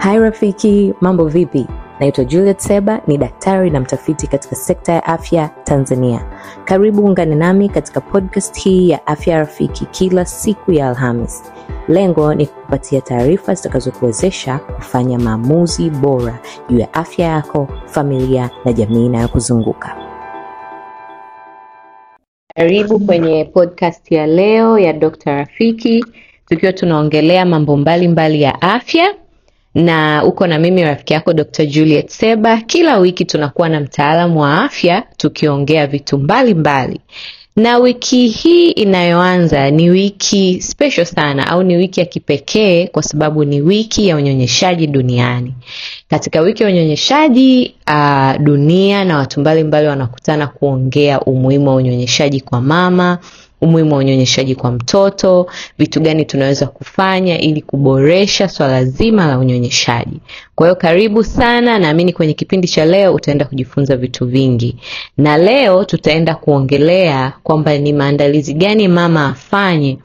Hai rafiki, mambo vipi? Naitwa Juliet Seba, ni daktari na mtafiti katika sekta ya afya Tanzania. Karibu ungane nami katika podcast hii ya Afya Rafiki kila siku ya Alhamis. Lengo ni kukupatia taarifa zitakazokuwezesha kufanya maamuzi bora juu ya afya yako, familia na jamii inayokuzunguka. Karibu kwenye podcast ya leo ya Dr. Rafiki, tukiwa tunaongelea mambo mbalimbali mbali ya afya na uko na mimi rafiki yako Dr. Juliet Seba. Kila wiki tunakuwa na mtaalamu wa afya tukiongea vitu mbalimbali mbali. Na wiki hii inayoanza ni wiki special sana au ni wiki ya kipekee kwa sababu ni wiki ya unyonyeshaji duniani. Katika wiki ya unyonyeshaji uh, dunia na watu mbalimbali wanakutana kuongea umuhimu wa unyonyeshaji kwa mama, umuhimu wa unyonyeshaji kwa mtoto, vitu gani tunaweza kufanya ili kuboresha swala zima la unyonyeshaji. Kwa hiyo karibu sana, naamini kwenye kipindi cha leo utaenda kujifunza vitu vingi, na leo tutaenda kuongelea kwamba ni maandalizi gani mama afanye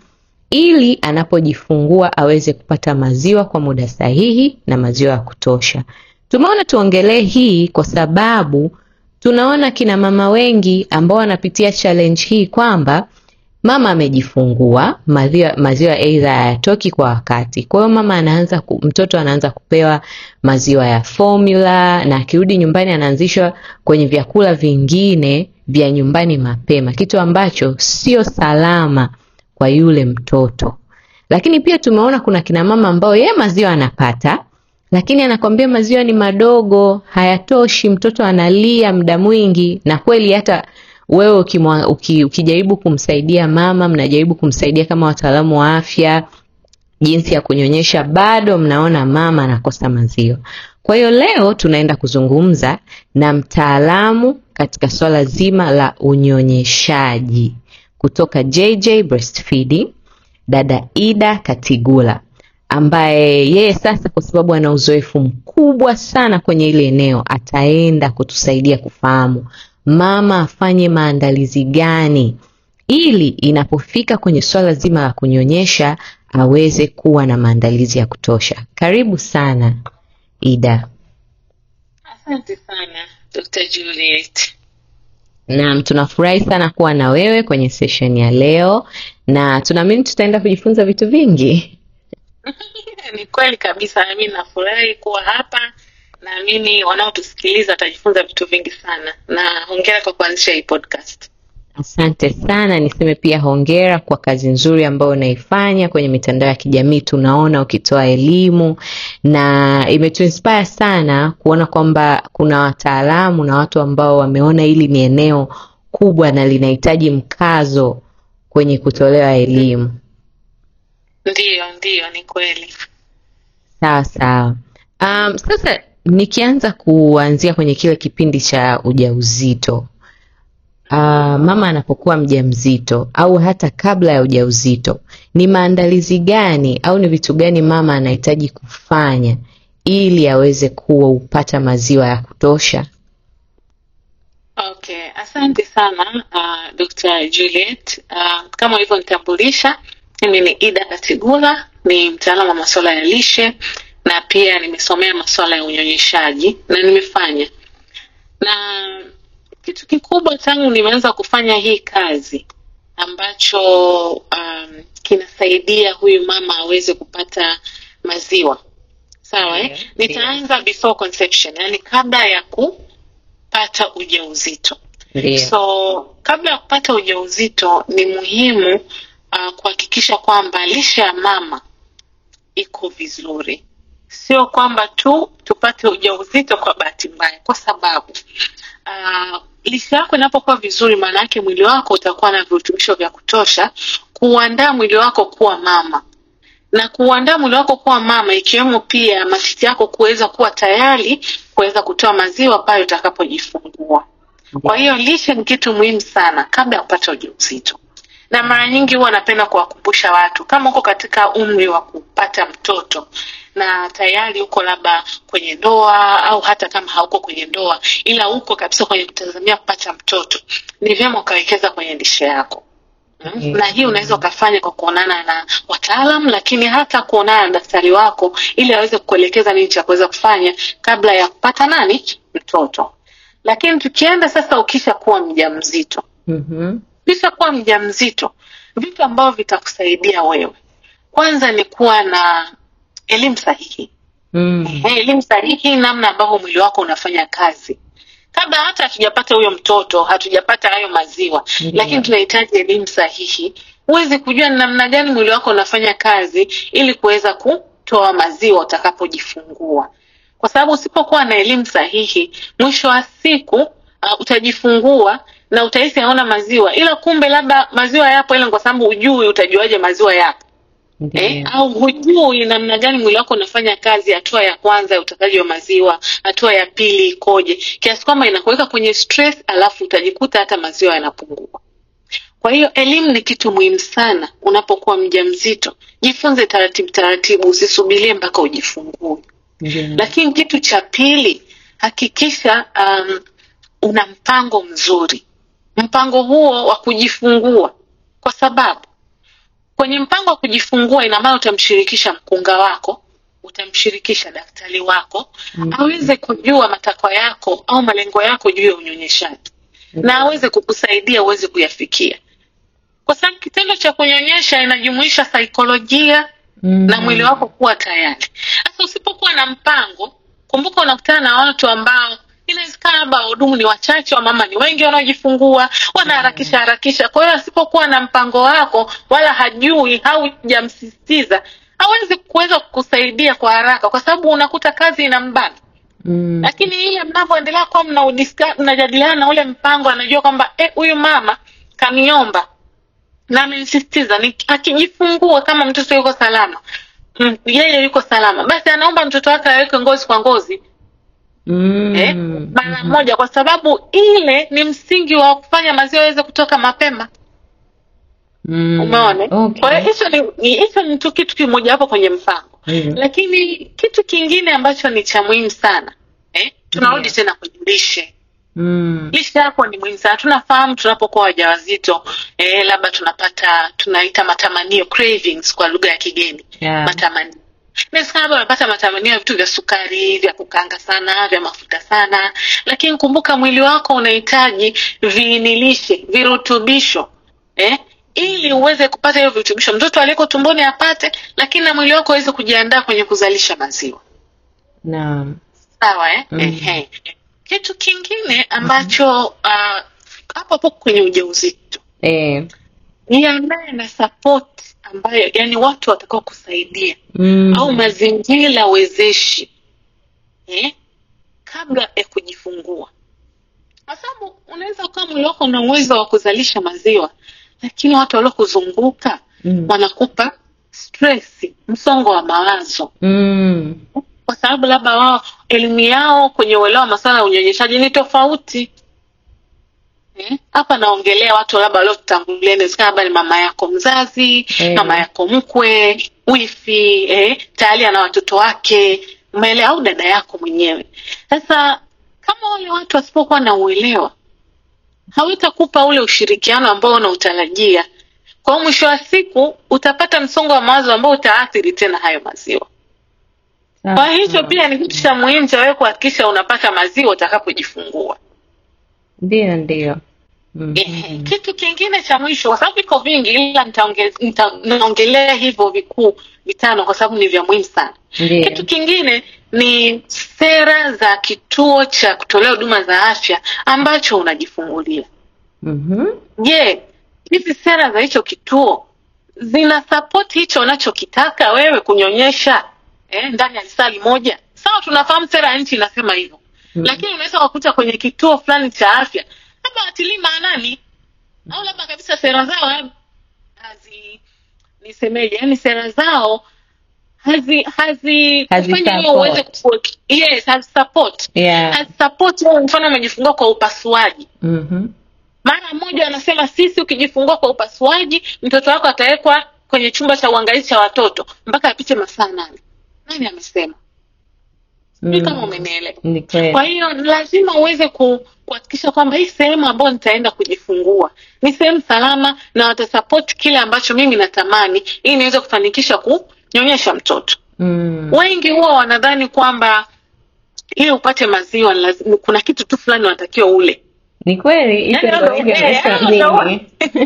ili anapojifungua aweze kupata maziwa kwa muda sahihi na maziwa ya kutosha. Tumeona tuongelee hii kwa sababu tunaona kina mama wengi ambao wanapitia challenge hii kwamba mama amejifungua, maziwa aidha hayatoki kwa wakati. Kwa hiyo mama anaanza ku, mtoto anaanza kupewa maziwa ya formula, na akirudi nyumbani anaanzishwa kwenye vyakula vingine vya nyumbani mapema, kitu ambacho sio salama kwa yule mtoto. Lakini pia tumeona kuna kina mama ambao yeye maziwa anapata, lakini anakwambia maziwa ni madogo, hayatoshi, mtoto analia muda mwingi, na kweli hata wewe ukimwa, uki, ukijaribu kumsaidia mama, mnajaribu kumsaidia kama wataalamu wa afya jinsi ya kunyonyesha, bado mnaona mama anakosa maziwa. Kwa hiyo leo tunaenda kuzungumza na mtaalamu katika swala zima la unyonyeshaji kutoka JJ Breastfeeding, dada Ida Katigula ambaye yeye sasa kwa sababu ana uzoefu mkubwa sana kwenye ile eneo, ataenda kutusaidia kufahamu mama afanye maandalizi gani ili inapofika kwenye swala zima la kunyonyesha aweze kuwa na maandalizi ya kutosha. Karibu sana Ida. Asante sana Dr. Juliet. Naam, tunafurahi sana kuwa na wewe kwenye session ya leo na tunaamini tutaenda kujifunza vitu vingi. Ni kweli kabisa, nami nafurahi kuwa hapa naamini wanaotusikiliza watajifunza vitu vingi sana, na hongera kwa kuanzisha hii podcast. Asante sana. Niseme pia hongera kwa kazi nzuri ambayo unaifanya kwenye mitandao ya kijamii. Tunaona ukitoa elimu na imetuinspire sana kuona kwamba kuna wataalamu na watu ambao wameona hili ni eneo kubwa na linahitaji mkazo kwenye kutolewa elimu. Ndiyo, ndiyo, ni kweli. Sawa sawa. Um, sasa Nikianza kuanzia kwenye kile kipindi cha ujauzito Uh, mama anapokuwa mjamzito au hata kabla ya ujauzito, ni maandalizi gani au ni vitu gani mama anahitaji kufanya ili aweze kuwa upata maziwa ya kutosha? Okay, asante sana uh, ah, Dr. Juliet. Uh, kama ulivyonitambulisha, mimi ni Ida Katigula, ni mtaalamu wa masuala ya lishe na pia nimesomea masuala ya unyonyeshaji na nimefanya na kitu kikubwa tangu nimeanza kufanya hii kazi ambacho um, kinasaidia huyu mama aweze kupata maziwa sawa eh? Mm-hmm. nitaanza yeah. before conception yani kabla ya kupata ujauzito yeah. so kabla ya kupata ujauzito ni muhimu uh, kuhakikisha kwamba lisha ya mama iko vizuri sio kwamba tu tupate ujauzito kwa bahati mbaya, kwa sababu uh, lishe yako inapokuwa vizuri, maana yake mwili wako utakuwa na virutubisho vya kutosha kuandaa mwili wako kuwa mama na kuandaa mwili wako kuwa mama, ikiwemo pia matiti yako kuweza kuwa tayari kuweza kutoa maziwa pale utakapojifungua. Kwa hiyo lishe ni kitu muhimu sana kabla ya kupata ujauzito, na mara nyingi huwa napenda kuwakumbusha watu, kama uko katika umri wa kupata mtoto, na tayari uko labda kwenye ndoa au hata kama hauko kwenye ndoa, ila uko kabisa kwenye kutazamia kupata mtoto, ni vyema ukawekeza kwenye lishe yako. Hmm? Mm. hmm Na hii unaweza ukafanya kwa kuonana na wataalam, lakini hata kuonana na daktari wako ili aweze kukuelekeza nini cha kuweza kufanya kabla ya kupata nani mtoto. Lakini tukienda sasa, ukisha kuwa mjamzito mm-hmm. Ukisha kuwa mjamzito, vitu ambavyo vitakusaidia wewe, kwanza ni kuwa na elimu sahihi mm. elimu sahihi, namna ambavyo mwili wako unafanya kazi kabla hata hatujapata huyo mtoto, hatujapata hayo maziwa yeah. Mm. Lakini tunahitaji elimu sahihi. Huwezi kujua ni namna gani mwili wako unafanya kazi ili kuweza kutoa maziwa utakapojifungua, kwa sababu usipokuwa na elimu sahihi, mwisho wa siku uh, utajifungua na utahisi haona maziwa, ila kumbe labda maziwa yapo, ile kwa sababu ujui utajuaje maziwa yapo? eh, au hujui namna gani mwili wako unafanya kazi. Hatua ya kwanza ya utakaji wa maziwa, hatua ya pili ikoje, kiasi kwamba inakuweka kwenye stress, alafu utajikuta hata maziwa yanapungua. Kwa hiyo elimu ni kitu muhimu sana. Unapokuwa mjamzito, jifunze taratibu taratibu, usisubirie mpaka ujifungue. Yeah. Lakini kitu cha pili, hakikisha um, una mpango mzuri, mpango huo wa kujifungua, kwa sababu Kwenye mpango wa kujifungua ina maana utamshirikisha mkunga wako, utamshirikisha daktari wako mm -hmm. aweze kujua matakwa yako au malengo yako juu ya unyonyeshaji mm -hmm. na aweze kukusaidia uweze kuyafikia, kwa sababu kitendo cha kunyonyesha inajumuisha saikolojia mm -hmm. na mwili wako kuwa tayari. Sasa usipokuwa na mpango, kumbuka unakutana na watu ambao inawezekana labda wahudumu ni wachache, wamama ni wengi wanaojifungua, wanaharakisha harakisha. Kwa hiyo asipokuwa na mpango wako wala hajui, haujamsisitiza, hawezi kuweza kukusaidia kwa haraka, kwa sababu unakuta kazi inambana Mm. Lakini ile mnavyoendelea kuwa mnajadiliana na ule mpango, anajua kwamba eh, huyu eh, mama kaniomba na amenisisitiza akijifungua kama mtoto yuko salama, mm, yeye yuko salama, basi anaomba mtoto wake aweke ngozi kwa ngozi mm. eh, mara moja, kwa sababu ile ni msingi wa kufanya maziwa yaweze kutoka mapema. Mm. Umeona? Okay. Kwa hiyo hicho ni tu kitu kimoja hapo kwenye mpango. Mm. Lakini kitu kingine ambacho ni cha muhimu sana eh, tunarudi yeah, tena kwenye lishe. Mm. Lishe yako ni muhimu sana. Tunafahamu tunapokuwa wajawazito eh, labda tunapata tunaita matamanio cravings kwa lugha ya kigeni. Yeah. Matamanio mimi saba wamepata matamanio ya vitu vya sukari, vya kukanga sana, vya mafuta sana, lakini kumbuka mwili wako unahitaji viinilishe, virutubisho eh? ili uweze kupata hiyo virutubisho, mtoto aliyeko tumboni apate, lakini na mwili wako aweze kujiandaa kwenye kuzalisha maziwa. na sawa eh? mm. hmm Kitu kingine ambacho mm-hmm. uh, hapo mm. uh, hapo kwenye ujauzito eh Niandae na support ambayo, yani watu watakao kusaidia mm. au mazingira wezeshi eh? kabla ya kujifungua, kwa sababu unaweza ukawa mwili wako una uwezo wa kuzalisha maziwa, lakini watu waliokuzunguka mm. wanakupa stress, msongo wa mawazo mm. kwa sababu labda wao elimu yao kwenye uelewa masuala ya unyonyeshaji ni tofauti Eh? hapa naongelea watu labda waliotangulia, inawezekana labda ni mama yako mzazi eh, mama yako mkwe, wifi eh, tayari ana watoto wake, umeelewa, au dada yako mwenyewe. Sasa kama wale watu wasipokuwa na uelewa, hawitakupa ule ushirikiano ambao unautarajia. Kwa hiyo mwisho wa siku utapata msongo wa mawazo ambao utaathiri tena hayo maziwa. Kwa hicho pia ni kitu cha muhimu cha wewe kuhakikisha unapata maziwa utakapojifungua. Ndio, ndio. Mm -hmm. Kitu kingine cha mwisho, kwa sababu viko vingi, ila nitaongelea hivyo vikuu vitano kwa sababu ni vya muhimu sana. Kitu kingine ni sera za kituo cha kutolea huduma za afya ambacho unajifungulia. mm -hmm. Je, hizi sera za hicho kituo zina sapoti hicho unachokitaka wewe kunyonyesha eh, ndani ya lisali moja? Sawa, tunafahamu sera ya nchi inasema hivyo Mm. Lakini unaweza kukuta kwenye kituo fulani cha afya labda watilii maanani au labda kabisa sera zao hazi nisemeje, yani sera zao hazi hazi kufanya uweze yes hazi support yeah. support mfano amejifungua kwa upasuaji mm -hmm. mara moja wanasema sisi ukijifungua kwa upasuaji mtoto wako atawekwa kwenye chumba cha uangalizi cha watoto mpaka apite masaa nane. Nani amesema? mm. kama umenielewa. Kwa hiyo lazima uweze kuhakikisha kwamba hii sehemu ambayo nitaenda kujifungua ni sehemu salama na watasapoti kile ambacho mimi natamani ili niweze kufanikisha kunyonyesha mtoto. Mm. Wengi huwa wanadhani kwamba ili upate maziwa lazima, kuna kitu tu fulani wanatakiwa ule. Ni kweli yaani hicho ndio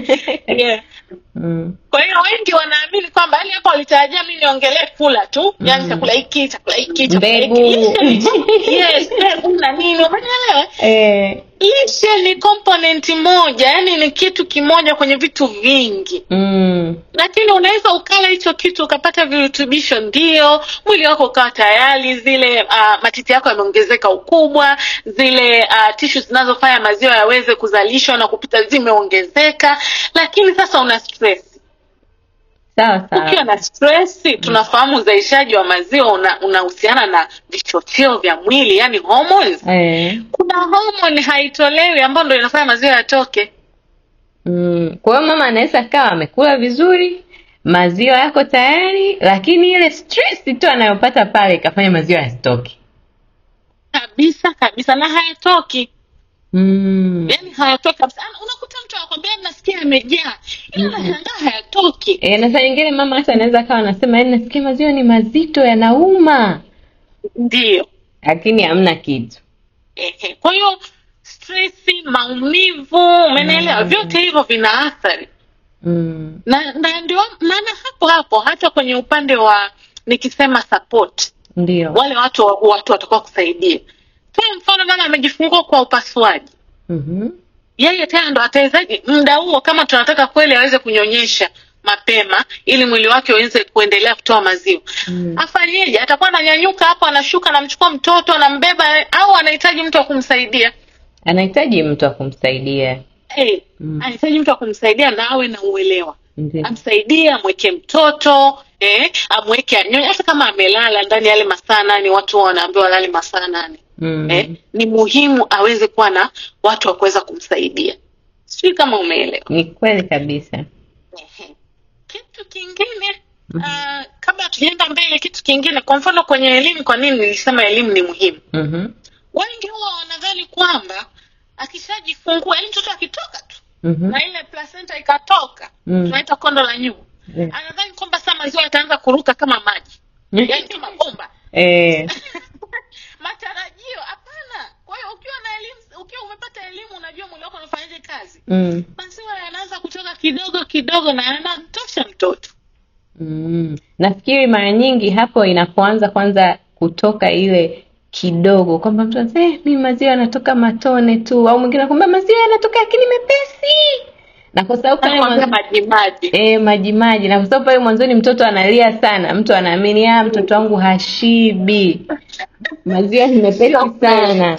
Mm. Kwa hiyo wengi wanaamini kwamba yani hapo alitarajia mimi niongelee kula tu, mm. yani chakula hiki, chakula hiki, chakula hiki. Yes, mbegu na nini, umeelewa? Eh. Lishe ni component moja, yani ni kitu kimoja kwenye vitu vingi. Mm. Lakini unaweza ukala hicho kitu ukapata virutubisho, ndio mwili wako ukawa tayari, zile uh, matiti yako yameongezeka ukubwa, zile uh, ah, tishu zinazofanya maziwa yaweze kuzalishwa na kupita zimeongezeka, lakini sasa una stress ukiwa na stresi mm. tunafahamu uzalishaji wa maziwa una, unahusiana na vichocheo vya mwili, yani hormones. Eh. Kuna hormone haitolewi ambayo ndo inafanya maziwa yatoke. Mm, kwa hiyo mama anaweza akawa amekula vizuri maziwa yako tayari, lakini ile stress tu anayopata pale ikafanya maziwa yasitoke kabisa kabisa, na hayatoki mm. yani hayatoki kabisa. Yaani unakuta mtu anakwambia nasikia amejaa ila nashangaa hayatoki. E, na saa nyingine mama hata anaweza akawa anasema yani nasikia maziwa ni mazito yanauma, ndio, lakini hamna kitu. Ehe, kwa hiyo stresi, maumivu, umenielewa mm. vyote hivyo vina athari mm. na, na ndio maana hapo hapo hata kwenye upande wa nikisema support, ndio wale watu watu watakuwa kusaidia kwa mfano mama amejifungua kwa upasuaji mm -hmm. yeye tena ndo atawezaje muda huo, kama tunataka kweli aweze kunyonyesha mapema ili mwili wake uweze kuendelea kutoa maziwa mm. Afanyeje? Atakuwa ananyanyuka hapo, anashuka, anamchukua mtoto, anambeba, au anahitaji mtu wa kumsaidia? Anahitaji mtu wa kumsaidia hey, mm. Anahitaji mtu wa kumsaidia na awe na uelewa mm. Amsaidie, amweke mtoto eh, amweke anyonye, hata kama amelala ndani yale masaa nane. Watu wanaambiwa lale masaa nane mm. Eh, ni muhimu aweze kuwa na watu wa kuweza kumsaidia. Sijui kama umeelewa. Ni kweli kabisa. Kitu kingine uh, kabla tujaenda mbele, kitu kingine, kwa mfano kwenye elimu, kwa nini nilisema elimu ni muhimu? mm -hmm. Wengi huwa wanadhani kwamba akishajifungua, yaani mtoto akitoka tu mm -hmm. na ile placenta ikatoka, mm. tunaita kondo la nyuma yeah. anadhani kwamba saa maziwa yataanza kuruka kama maji, yaani mabomba eh matarajio hapana. Kwa hiyo ukiwa na elimu, ukiwa umepata elimu, unajua mwili wako unafanyaje kazi mm. maziwa yanaanza kutoka kidogo kidogo na anamtosha mtoto mm. Nafikiri mara nyingi hapo inapoanza kwanza kutoka ile kidogo kwamba mtu anasema eh, mimi maziwa yanatoka matone tu, au mwingine anakwambia maziwa yanatoka lakini mepesi na kwa sababu pale mwanzo majimaji eh, majimaji na kwa sababu pale mwanzoni mtoto analia sana, mtu anaamini ah, mtoto wangu hashibi maziwa nimepeta sana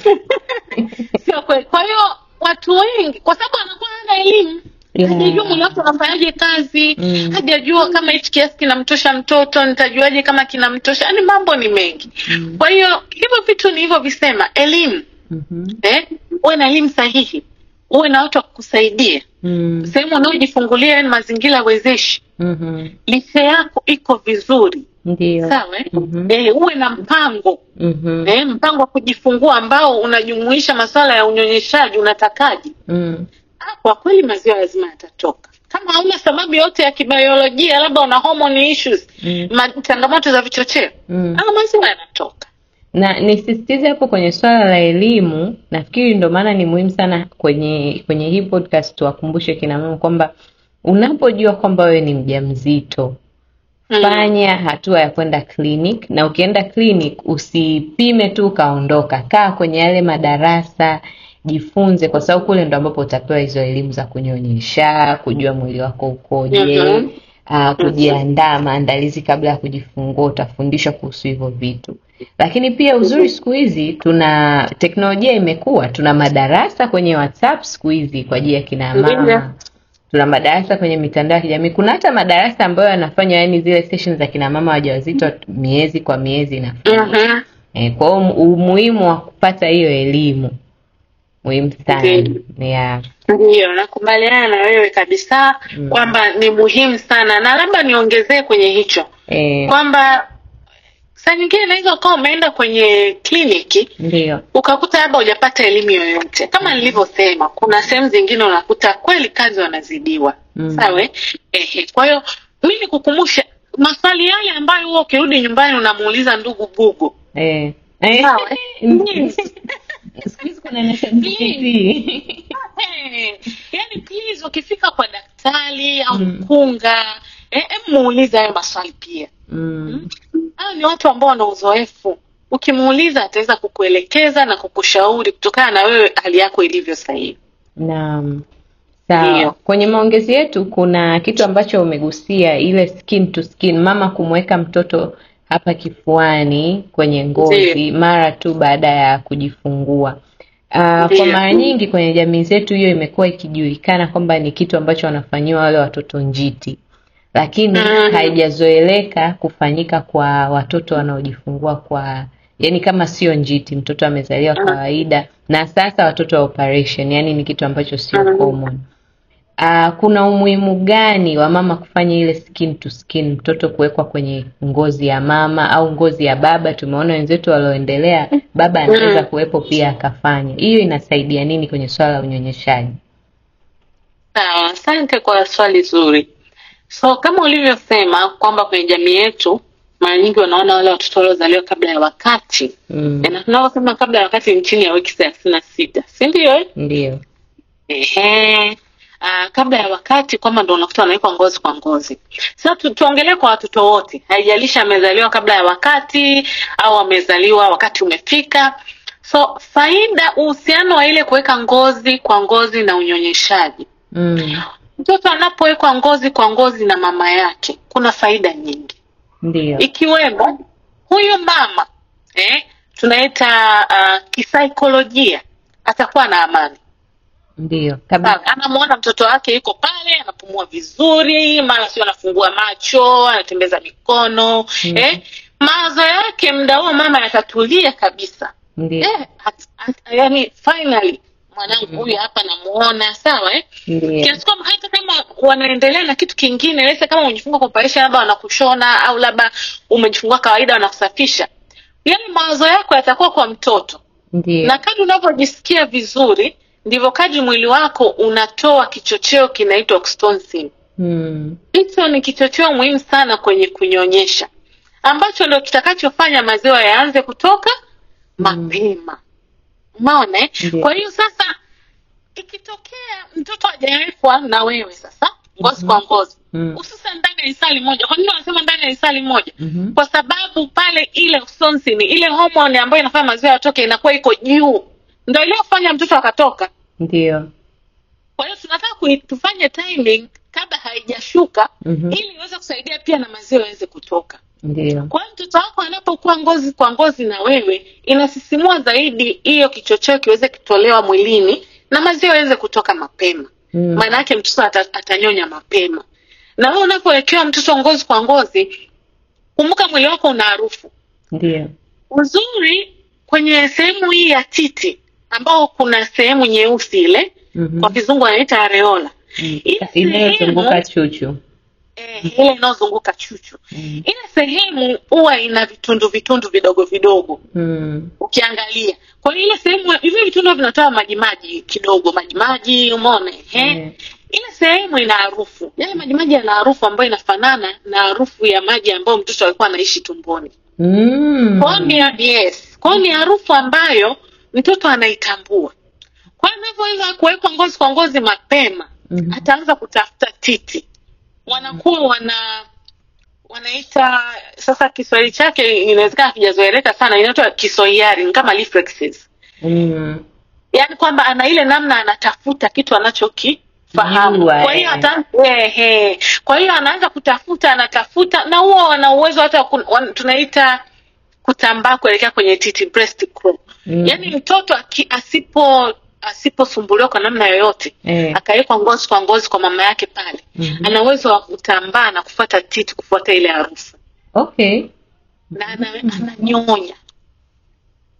sio kweli. Kwa hiyo watu wengi, kwa sababu anakuwa hana elimu Yeah. Hajajua mwili wake unafanyaje kazi mm. Hajajua kama hichi kiasi kinamtosha mtoto, nitajuaje kama kinamtosha? Yaani mambo ni mengi mm. Kwa hiyo hivyo vitu ni hivyo visema elimu mm -hmm. eh, uwe na elimu sahihi uwe na watu wakusaidie mm. sehemu unaojifungulia yani mazingira wezeshi mm -hmm. lishe yako iko vizuri Sawa mm -hmm. e, uwe na mpango mm -hmm. e, mpango wa kujifungua ambao unajumuisha masuala ya unyonyeshaji, unatakaji mm. Ah, kwa kweli maziwa lazima yatatoka, kama hauna sababu yote ya kibiolojia, labda una hormone issues mm. changamoto za vichocheo mm. Ah, maziwa yanatoka na nisisitize hapo kwenye swala la elimu, nafikiri ndio maana ni muhimu sana kwenye kwenye hii podcast tuwakumbushe kina mama kwamba unapojua kwamba wewe ni mjamzito hmm. fanya hatua ya kwenda clinic, na ukienda clinic usipime tu ukaondoka. Kaa kwenye yale madarasa, jifunze, kwa sababu kule ndo ambapo utapewa hizo elimu za kunyonyesha, kujua mwili wako ukoje Uh, kujiandaa maandalizi kabla ya kujifungua, utafundishwa kuhusu hivyo vitu. Lakini pia uzuri siku hizi tuna teknolojia imekuwa, tuna madarasa kwenye WhatsApp siku hizi kwa ajili ya kina mama, tuna madarasa kwenye mitandao ya kijamii. Kuna hata madarasa ambayo yanafanya yani zile sessions za kina mama wajawazito miezi kwa miezi inafanya. Uh eh, -huh. E, kwa umuhimu wa kupata hiyo elimu muhimu sana okay. Yeah. Ndio, nakubaliana na wewe kabisa mm. kwamba ni muhimu sana na labda niongezee kwenye hicho e. kwamba saa nyingine naweza ukawa umeenda kwenye kliniki ndio ukakuta labda ujapata elimu yoyote kama mm. nilivyosema mm. kuna sehemu zingine unakuta kweli kazi wanazidiwa mm. sawe ehe kwa hiyo mimi kukumbusha maswali yale ambayo huwa ukirudi nyumbani unamuuliza ndugu bugu eh. eh. yani please ukifika kwa daktari au mm. mkunga mm. eh, muuliza hayo maswali pia Mm. mm. Hawa ni watu ambao wana uzoefu, ukimuuliza ataweza kukuelekeza na kukushauri kutokana na wewe hali yako ilivyo sasa Naam. Sawa. Kwenye maongezi yetu kuna kitu ambacho umegusia ile skin to skin, mama kumweka mtoto hapa kifuani kwenye ngozi mara tu baada ya kujifungua. Uh, kwa mara nyingi kwenye jamii zetu hiyo imekuwa ikijulikana kwamba ni kitu ambacho wanafanyiwa wale watoto njiti lakini mm. haijazoeleka kufanyika kwa watoto wanaojifungua kwa yani kama sio njiti, mtoto amezaliwa mm. kawaida na sasa watoto wa operation, yani ni kitu ambacho sio mm. common. Uh, kuna umuhimu gani wa mama kufanya ile skin to skin, mtoto kuwekwa kwenye ngozi ya mama au ngozi ya baba? Tumeona wenzetu walioendelea, baba mm. anaweza kuwepo pia akafanya hiyo. Inasaidia nini kwenye swala la unyonyeshaji? Sawa, ah, asante kwa swali zuri. So kama ulivyosema kwamba kwenye jamii yetu mara nyingi wanaona wale watoto waliozaliwa kabla ya wakati mm. na tunavyosema kabla ya wakati ni chini ya wiki thelathini na sita sindio? ndio? Eh? Ndio. Ehe. Uh, kabla ya wakati kwamba ndo unakuta wanawekwa ngozi kwa ngozi. Sasa tu, tuongelee kwa watoto wote, haijalishi amezaliwa kabla ya wakati au amezaliwa wakati umefika. So faida, uhusiano wa ile kuweka ngozi kwa ngozi na unyonyeshaji mm mtoto anapowekwa ngozi kwa ngozi na mama yake kuna faida nyingi, ndio ikiwemo huyu mama eh, tunaita uh, kisaikolojia atakuwa na amani ndio kabisa. Anamwona mtoto wake yuko pale, anapumua vizuri, mara sio anafungua macho, anatembeza mikono mm. eh, mawazo yake mda huo mama yatatulia kabisa eh, at, at, yani finally mwanangu mm-hmm. huyu hapa namuona, sawa eh? Yeah. Kiasi hata kama wanaendelea na kitu kingine, lese kama umejifunga operation labda wanakushona au labda umejifungua kawaida wanakusafisha, yale mawazo yako yatakuwa kwa mtoto. Ndiyo. Na kadi unavyojisikia vizuri ndivyo kaji mwili wako unatoa kichocheo kinaitwa oxytocin. Hmm. Hicho ni kichocheo muhimu sana kwenye kunyonyesha ambacho ndio kitakachofanya maziwa yaanze kutoka mm. mapema umeona eh? Kwa hiyo sasa ikitokea mtoto ajaekwa na wewe sasa ngozi kwa mhm. ngozi mm. hususan ndani ya isali moja. Kwa nini wanasema ndani ya isali moja? mm -hmm. Kwa sababu pale ile oxytocin, ile homoni ambayo inafanya maziwa yatoke inakuwa iko juu, ndio iliyofanya mtoto akatoka. Ndio kwa hiyo tunataka tufanye timing kabla haijashuka, mm -hmm. ili iweze kusaidia pia na maziwa yaweze kutoka. Ndiyo. Kwa hiyo mtoto wako anapokuwa ngozi kwa ngozi na wewe, inasisimua zaidi hiyo kichocheo kiweze kutolewa mwilini na maziwa yaweze kutoka mapema mm. Maana yake mtoto ata, atanyonya mapema, na wewe unapowekewa mtoto ngozi kwa ngozi, kumbuka mwili wako una harufu. Uzuri kwenye sehemu hii ya titi ambao kuna sehemu nyeusi ile mm -hmm. Kwa kizungu anaita areola mm. Inayozunguka chuchu eh, ile inayozunguka chuchu mm. ile sehemu huwa ina vitundu vitundu vidogo vidogo mm. ukiangalia kwa ile sehemu hivyo vitundu vinatoa majimaji kidogo majimaji umeona eh? mm. ile sehemu ina harufu yale maji maji yana harufu ambayo inafanana na harufu ya maji ambayo mtoto alikuwa anaishi tumboni mm. kwa hiyo yes kwa ni harufu ambayo mtoto anaitambua kwa hivyo kuwekwa ngozi kwa ngozi mapema mm-hmm. ataanza kutafuta titi wanakuwa wana wanaita sasa, Kiswahili chake inawezekana akijazoeleka sana, inaitwa kisoiari, ni kama reflexes mm. Yaani kwamba ana ile namna anatafuta kitu anachokifahamu, kwa hiyo eh. kwa hiyo anaanza kutafuta, anatafuta na huwa wana uwezo hata wan, tunaita kutambaa kuelekea kwenye titi, breast mm. Yaani mtoto asipo asiposumbuliwa kwa namna yoyote eh, akawekwa ngozi kwa ngozi kwa mama yake pale mm -hmm. ana uwezo wa kutambaa na kufuata titi kufuata ile harufu okay, na ananyonya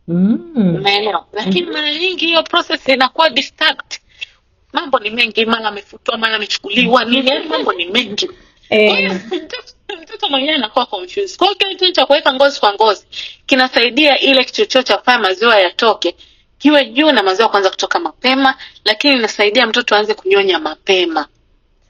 mm. umeelewa? Lakini mm. mara nyingi hiyo process inakuwa distract, mambo ni mengi, mara amefutwa, mara amechukuliwa nini, yaani mambo ni mengi eh. Mtoto mwenyewe anakuwa confused. Kwa hiyo kile kitu cha kuweka ngozi kwa ngozi kinasaidia ile kichocheo cha kufanya maziwa yatoke kiwe juu na maziwa kuanza kutoka mapema, lakini inasaidia mtoto aanze kunyonya mapema.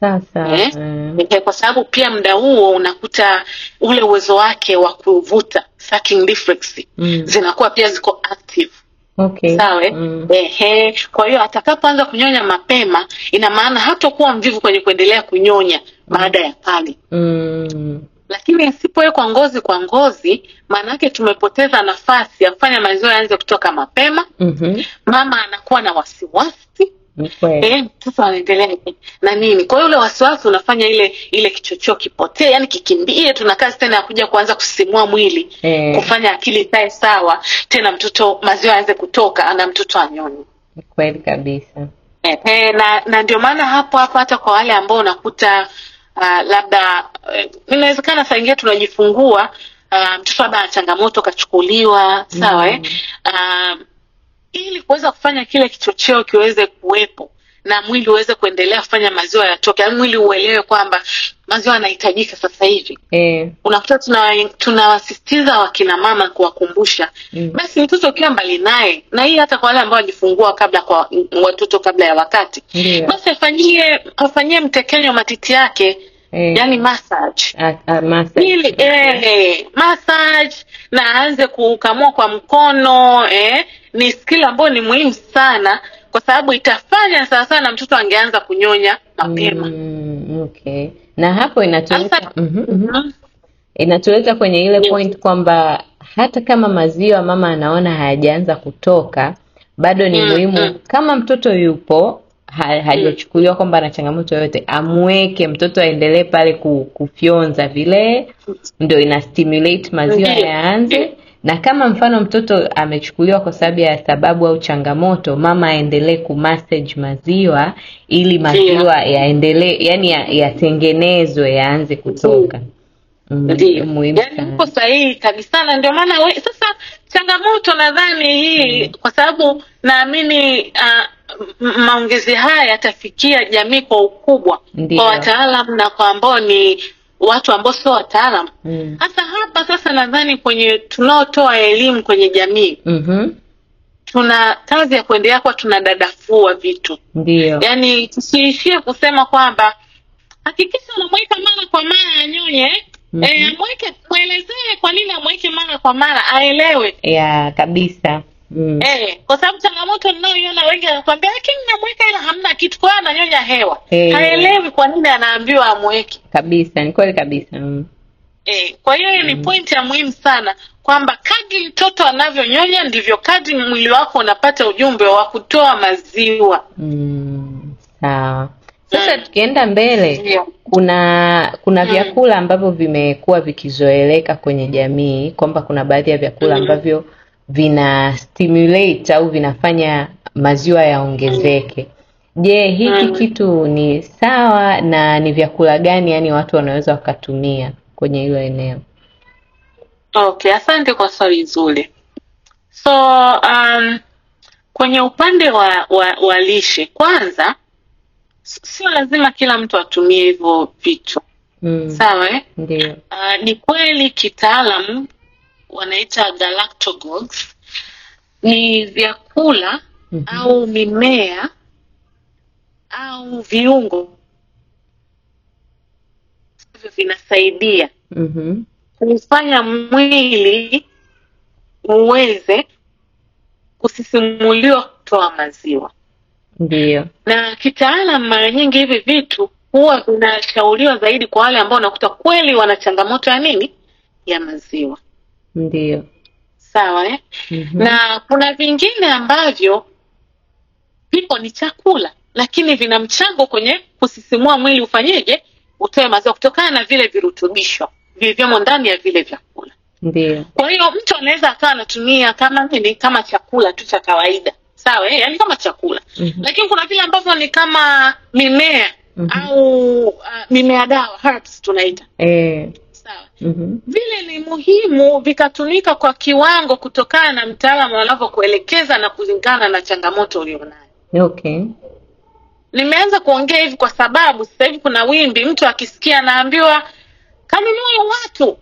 Sasa eh, mm. Kwa sababu pia muda huo unakuta ule uwezo wake wa kuvuta sucking reflex mm. zinakuwa pia ziko active. Okay. Sawa eh? mm. Ehe, kwa hiyo atakapoanza kunyonya mapema, ina maana hatakuwa mvivu kwenye kuendelea kunyonya baada ya pale mm lakini kwa ngozi kwa ngozi, maanake tumepoteza nafasi ya kufanya maziwa yaanze kutoka mapema. mm -hmm. Mama anakuwa na wasiwasi eh, mtoto anaendelea na nini. Kwa hiyo ule wasiwasi unafanya ile ile kichochoo kipotee, yani kikimbie. Tuna kazi tena ya kuja kuanza kusimua mwili eh, kufanya akili ikae sawa tena, mtoto maziwa yaanze kutoka, ana mtoto anyoni. Kweli kabisa. Eh, eh, na, na ndio maana hapo hapo hata kwa wale ambao unakuta uh, labda uh, inawezekana saa ingine tunajifungua uh, mtoto labda ana changamoto kachukuliwa, sawa eh? mm. uh, ili kuweza kufanya kile kichocheo kiweze kuwepo na mwili uweze kuendelea kufanya maziwa yatoke, yaani mwili uelewe kwamba maziwa yanahitajika sasa hivi eh. Unakuta tunawasistiza tuna wakina mama kuwakumbusha mm. Basi mtoto ukiwa mbali naye, na hii hata kwa wale ambao wajifungua kabla kwa watoto kabla ya wakati yeah. Basi afanyie afanyie mtekenyo matiti yake eh. Yani massage. A, a massage. Ili, eh, massage na aanze kukamua kwa mkono eh, ni skill ambayo ni muhimu sana kwa sababu itafanya sawa sawa na mtoto angeanza kunyonya mapema. Mm, okay. Na hapo inatuleta mhm, mhm. mhm. Inatuleta kwenye ile point kwamba hata kama maziwa mama anaona hayajaanza kutoka bado ni mm, muhimu mm. Kama mtoto yupo hajachukuliwa kwamba ana changamoto yoyote, amweke mtoto aendelee pale kufyonza vile, ndo ina stimulate maziwa yaanze. Na kama mfano mtoto amechukuliwa kwa sababu ya sababu au changamoto, mama aendelee ku maziwa ili maziwa yaendelee, yani yatengenezwe, ya yaanze kutoka. Ndiyo, mm, sahihi kabisa, na ndio maana sasa changamoto nadhani hii, mm. kwa sababu naamini uh, maongezi haya yatafikia jamii kwa ukubwa, kwa wataalam na kwa ambao ni watu ambao sio wataalam mm. hasa. Mm. Hapa sasa nadhani kwenye tunaotoa elimu kwenye jamii mm -hmm. tuna kazi ya kuendelea kuwa tunadadafua vitu, Ndiyo. yani tusiishie kusema kwamba hakikisha unamweka mara kwa mara anyonye mm -hmm. E, amweke, mwelezee kwa nini amweke mara kwa mara aelewe ya kabisa mm. Eh, kwa sababu changamoto ninayoiona wengi anakuambia lakini namweka ila hamna kitu, kwa hiyo ananyonya hewa hey. Eh. Haelewi kwa nini anaambiwa amweke kabisa. Ni kweli kabisa mm. Eh, kwa hiyo mm. Ni point ya muhimu sana kwamba kadri mtoto anavyonyonya ndivyo kadri mwili wako unapata ujumbe wa kutoa maziwa mm. Sasa mm. tukienda mbele yeah. Kuna kuna mm. vyakula ambavyo vimekuwa vikizoeleka kwenye jamii kwamba kuna baadhi ya vyakula mm. ambavyo mm vina stimulate au vinafanya maziwa yaongezeke. Je, hiki mm. kitu ni sawa na ni vyakula gani yani watu wanaweza wakatumia kwenye hilo eneo? Okay, asante kwa swali zuri. So um, kwenye upande wa, wa, wa lishe kwanza, sio lazima kila mtu atumie hivyo vitu mm. Sawa eh? Ndio. Uh, ni kweli kitaalam wanaita galactogogues ni vyakula mm -hmm. au mimea au viungo ambavyo vinasaidia mm -hmm. kuufanya mwili uweze kusisimuliwa kutoa maziwa. ndio Na kitaalam, mara nyingi hivi vitu huwa vinashauriwa zaidi kwa wale ambao unakuta kweli wana changamoto ya nini, ya maziwa ndio Sawa eh? mm -hmm. Na kuna vingine ambavyo vipo ni chakula, lakini vina mchango kwenye kusisimua mwili ufanyeje, utoe maziwa kutokana na vile virutubisho vilivyomo ndani ya vile vyakula. Ndio. Kwa hiyo mtu anaweza akawa anatumia kama nini, kama chakula tu cha kawaida sawa eh? Yani kama chakula mm -hmm. Lakini kuna vile ambavyo ni kama mimea mm -hmm. au uh, mimea dawa herbs tunaita eh sawa mm-hmm. vile ni muhimu vikatumika kwa kiwango kutokana na mtaalamu anavyokuelekeza na kulingana na changamoto ulionayo okay nimeanza kuongea hivi kwa sababu sasa hivi kuna wimbi mtu akisikia anaambiwa kanunua watu mhm.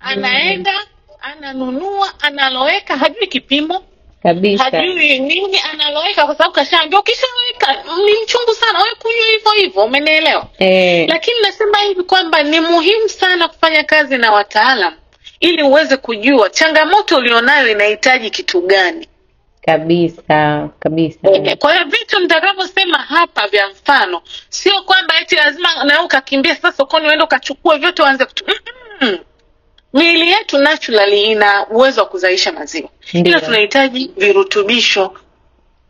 anaenda ananunua analoweka hajui kipimo kabisa, hajui nini analoweka, kwa sababu kashaambiwa ukishaweka ni mchungu sana, wewe kunywa hivyo hivyo, umenielewa e. Lakini nasema hivi kwamba ni muhimu sana kufanya kazi na wataalam ili uweze kujua changamoto ulionayo inahitaji kitu gani kabisa kabisa. Eh, eh, kwa hiyo vitu nitakavyosema hapa vya mfano, sio kwamba eti lazima nawe ukakimbia sasa sokoni uende ukachukue vyote uanze kutu mm Miili yetu naturally ina uwezo wa kuzalisha maziwa, ila tunahitaji virutubisho.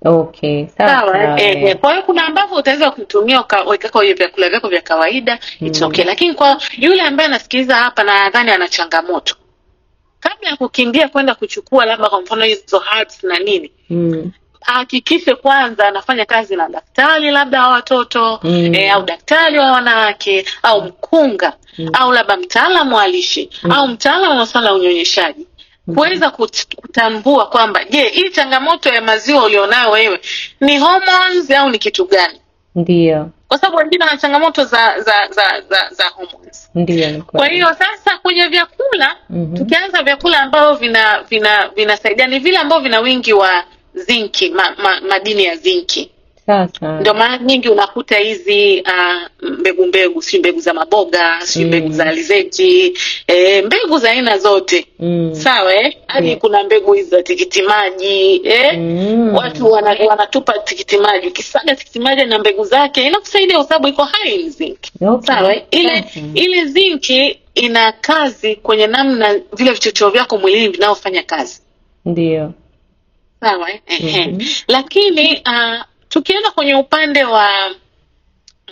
Okay, sawa eh, eh, eh. eh. Kwa hiyo kuna ambavyo utaweza kutumia ukaweka kwenye vyakula vyako vya kawaida mm. It's okay, mm. lakini kwa yule ambaye anasikiliza hapa na nadhani ana changamoto, kabla ya kukimbia kwenda kuchukua labda kwa mfano hizo herbs na nini mm ahakikishe kwanza anafanya kazi na daktari labda wa watoto mm. e, au daktari wa wanawake au mkunga mm. au labda mtaalamu wa lishe mm. au mtaalamu wa masuala ya unyonyeshaji mm. kuweza kutambua kwamba je, hii changamoto ya maziwa ulionayo wewe ni hormones au ni kitu gani? Ndio, kwa sababu wengine wana changamoto za za za za, za hormones. Ndio, kwa hiyo sasa kwenye vyakula mm -hmm. tukianza vyakula ambavyo vina vinasaidia vina, ni vile ambavyo vina wingi wa zinki ma, ma, madini ya zinki. Sasa ndio mara nyingi unakuta hizi uh, mbegu mbegu si mbegu za maboga si mm. mbegu za alizeti e, mbegu za aina zote mm. sawa eh? hadi yeah. Mm. kuna mbegu hizi za tikiti maji eh? mm. watu wana, wanatupa tikiti maji ukisaga tikiti maji na mbegu zake inakusaidia kwa sababu iko high in zinc okay. sawa eh? ile okay. ile zinki ina kazi kwenye namna vile vichocheo vyako mwilini vinaofanya kazi ndio sawa eh? mm -hmm. Lakini uh, tukienda kwenye upande wa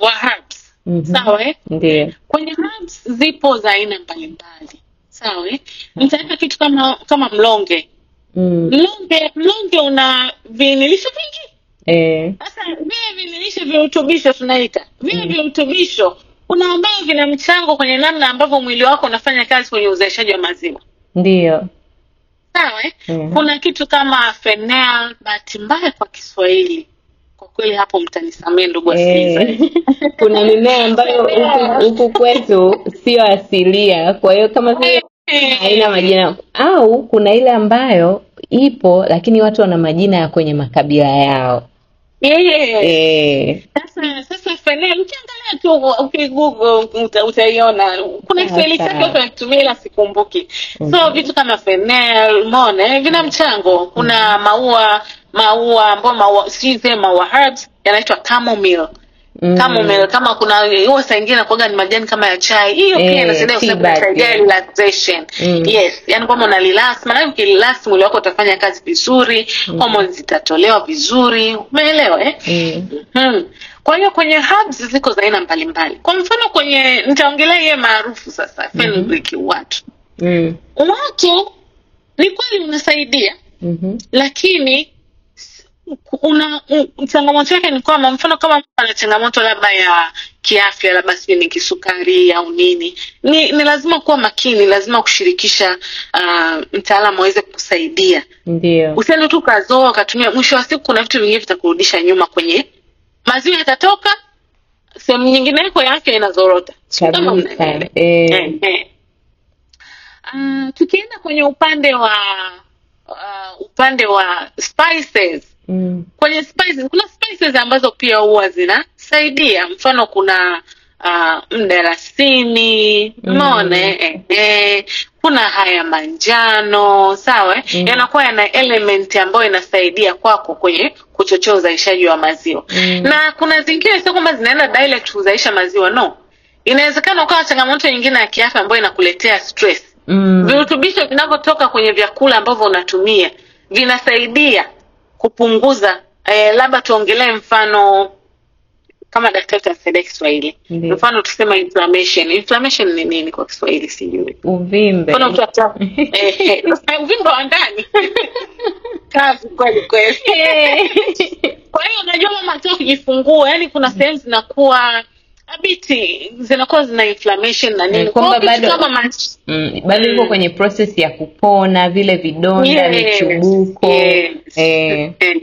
wa herbs mm -hmm. sawa eh? Ndiyo. Kwenye herbs zipo za aina mbalimbali sawa eh? Mm-hmm. Nitaweka kitu kama kama mlonge mm. Mlonge mlonge una vinilisho vingi eh. sasa eh. Vile vinilisho virutubisho tunaita vile mm. virutubisho kuna ambayo vina mchango kwenye namna ambavyo mwili wako unafanya kazi kwenye uzalishaji wa maziwa. Ndiyo sawa eh? mm. Kuna kitu kama fenel, bahati mbaya kwa Kiswahili kwa kweli hapo mtanisamee ndugu eh. wasikilizaji. Kuna mimea ambayo huku kwetu sio asilia, kwa hiyo kama vile eh. haina majina, au kuna ile ambayo ipo lakini watu wana majina ya kwenye makabila yao. Sasa sasa fenel mchanga fanya tu uta, utaiona. Kuna Kiswahili chake watu wanakitumia ila sikumbuki. So vitu kama mone eh, vina mm. mchango. Kuna mm. maua maua ambao maua maua herbs yanaitwa Mm. Kama kuna nakuaga ni majani kama ya chai, hiyo pia eh, inasaidia mm. Yes, mwili wako utafanya kazi vizuri, mm. zitatolewa vizuri, umeelewa eh? mm. mm. Kwa hiyo kwenye hubs ziko za aina mbalimbali. Kwa mfano kwenye, nitaongelea yeye maarufu sasa mhm. mm -hmm. watu mm. watu ni kweli unasaidia mm -hmm. lakini una changamoto yake ni kwamba mfano kama mtu ana changamoto labda ya kiafya, labda sijui ni kisukari au nini, ni, ni lazima kuwa makini, lazima kushirikisha uh, mtaalamu aweze kukusaidia. Ndio usiende tu ukazoa ukatumia, mwisho wa siku kuna vitu vingine vitakurudisha nyuma kwenye maziwa yatatoka sehemu nyingineko yake inazorota. Kama eh, eh. Uh, tukienda kwenye upande wa uh, upande wa spices mm. Kwenye spices kuna spices ambazo pia huwa zinasaidia, mfano kuna uh, mdalasini mm. Mone eh, eh kuna haya manjano sawa, eh? mm. yanakuwa yana element ambayo inasaidia kwako kwenye kuchochea uzalishaji wa maziwa mm. na kuna zingine sio kwamba zinaenda direct kuzalisha maziwa no, inawezekana ukawa changamoto nyingine ya kiafya ambayo inakuletea stress mm. virutubisho vinavyotoka kwenye vyakula ambavyo unatumia vinasaidia kupunguza eh, labda tuongelee mfano kama daktari tasaidia Kiswahili. Mfano tusema inflammation. Inflammation ni nini kwa Kiswahili sijui. Uvimbe. Kuna mtu ata eh, eh, uvimbe wa ndani. Kazi kweli kweli. Eh. Kwa hiyo unajua mama anataka kujifungua, yani kuna sehemu zinakuwa abiti zinakuwa zina inflammation na nini, kwamba bado mm, bado yuko mm. kwenye process ya kupona vile vidonda yes, michubuko yes, eh. Eh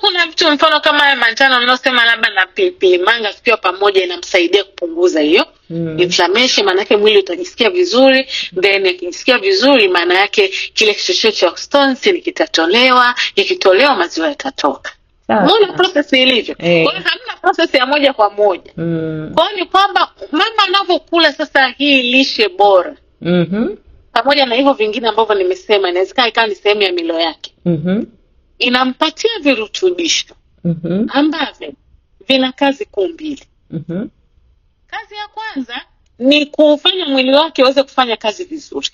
kuna mtu mfano kama ya manjano unaosema labda na pilipili manga akipiwa pamoja inamsaidia kupunguza hiyo mm. inflammation, maana mwili utajisikia vizuri mm. Then akijisikia vizuri, maana yake kile kichocheo cha oxytocin kitatolewa, ikitolewa maziwa yatatoka. Mbona process ilivyo? Hey. Eh. Kwa hiyo hamna process ya moja kwa moja mm. Kwa hiyo ni kwamba mama anavyokula sasa hii lishe bora mm -hmm. pamoja na hivyo vingine ambavyo nimesema, inawezekana ikawa ni sehemu ya milo yake mm -hmm inampatia virutubisho mm -hmm. ambavyo vina kazi kuu mbili. mm -hmm. Kazi ya kwanza ni kufanya mwili wake uweze kufanya kazi vizuri,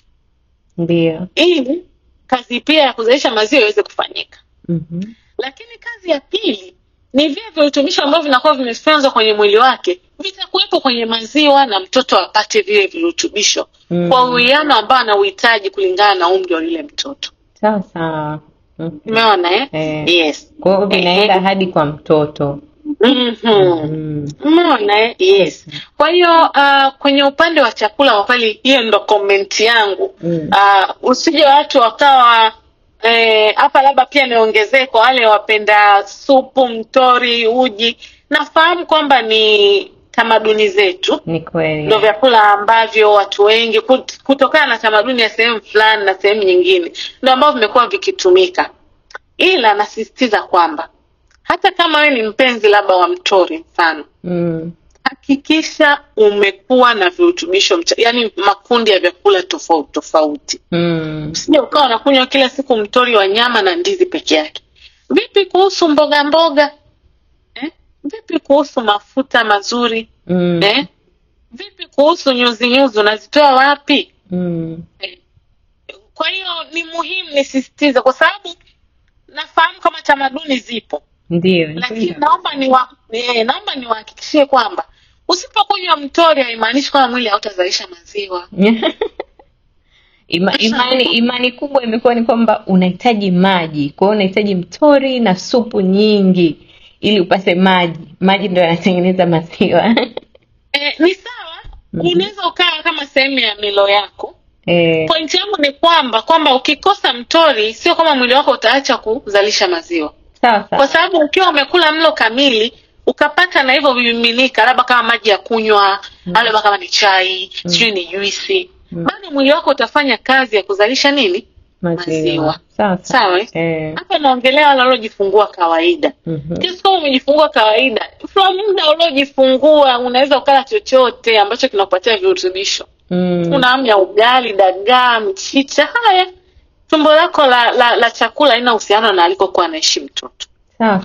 ndio ili kazi pia ya kuzalisha maziwa iweze kufanyika. mm -hmm. Lakini kazi ya pili ni vile virutubisho ambavyo vinakuwa vimefyonzwa kwenye mwili wake vitakuwepo kwenye maziwa na mtoto apate vile virutubisho mm. kwa uwiano ambao anauhitaji kulingana na umri wa yule mtoto. Sasa umeona eh? Eh. Yes. Kwa hiyo vinaenda eh, eh. hadi kwa mtoto Mm -hmm. eh? Yes. Mm-hmm. Kwa hiyo uh, kwenye upande wa chakula kwa kweli hiyo ndo komenti yangu mm. Uh, usije watu wakawa eh, hapa eh, labda pia niongezee kwa wale wapenda supu, mtori, uji nafahamu kwamba ni tamaduni zetu. Ni kweli, vyakula ambavyo watu wengi kutokana na tamaduni ya sehemu fulani na sehemu nyingine ndo ambavyo vimekuwa vikitumika, ila nasisitiza kwamba hata kama wewe ni mpenzi labda wa mtori mfano mm. Hakikisha umekuwa na virutubisho mcha, yani makundi ya vyakula tofauti tofauti mm. Usije ukawa unakunywa kila siku mtori wa nyama na ndizi peke yake. Vipi kuhusu mboga mboga? vipi kuhusu mafuta mazuri mm. eh? vipi kuhusu nyuzi nyuzi unazitoa wapi mm. eh? kwa hiyo ni muhimu nisisitize kwa sababu nafahamu kama tamaduni zipo ndio lakini naomba eh, niwahakikishie kwamba usipokunywa mtori haimaanishi kwamba mwili hautazalisha maziwa Ima, imani, imani kubwa imekuwa ni kwamba unahitaji maji kwa hiyo unahitaji mtori na supu nyingi ili upate maji. Maji ndo yanatengeneza maziwa. E, ni sawa mm. Unaweza ukawa kama sehemu ya milo yako e. Eh. Pointi yangu ni kwamba kwamba ukikosa mtori, sio kama mwili wako utaacha kuzalisha maziwa sawa sawa, kwa sababu ukiwa umekula mlo kamili ukapata na hivyo vimiminika, labda kama maji ya kunywa mm. au labda kama ni chai mm. sijui ni juisi mm. bado mwili wako utafanya kazi ya kuzalisha nini maziwa, maziwa sawa. Eh, hapa naongelea wale waliojifungua kawaida. mm -hmm. Kiasi kama umejifungua kawaida, fa muda uliojifungua unaweza ukala chochote ambacho kinakupatia virutubisho. mm. una amya ugali, dagaa, mchicha, haya tumbo lako la, la, la chakula haina uhusiano na alikokuwa anaishi mtoto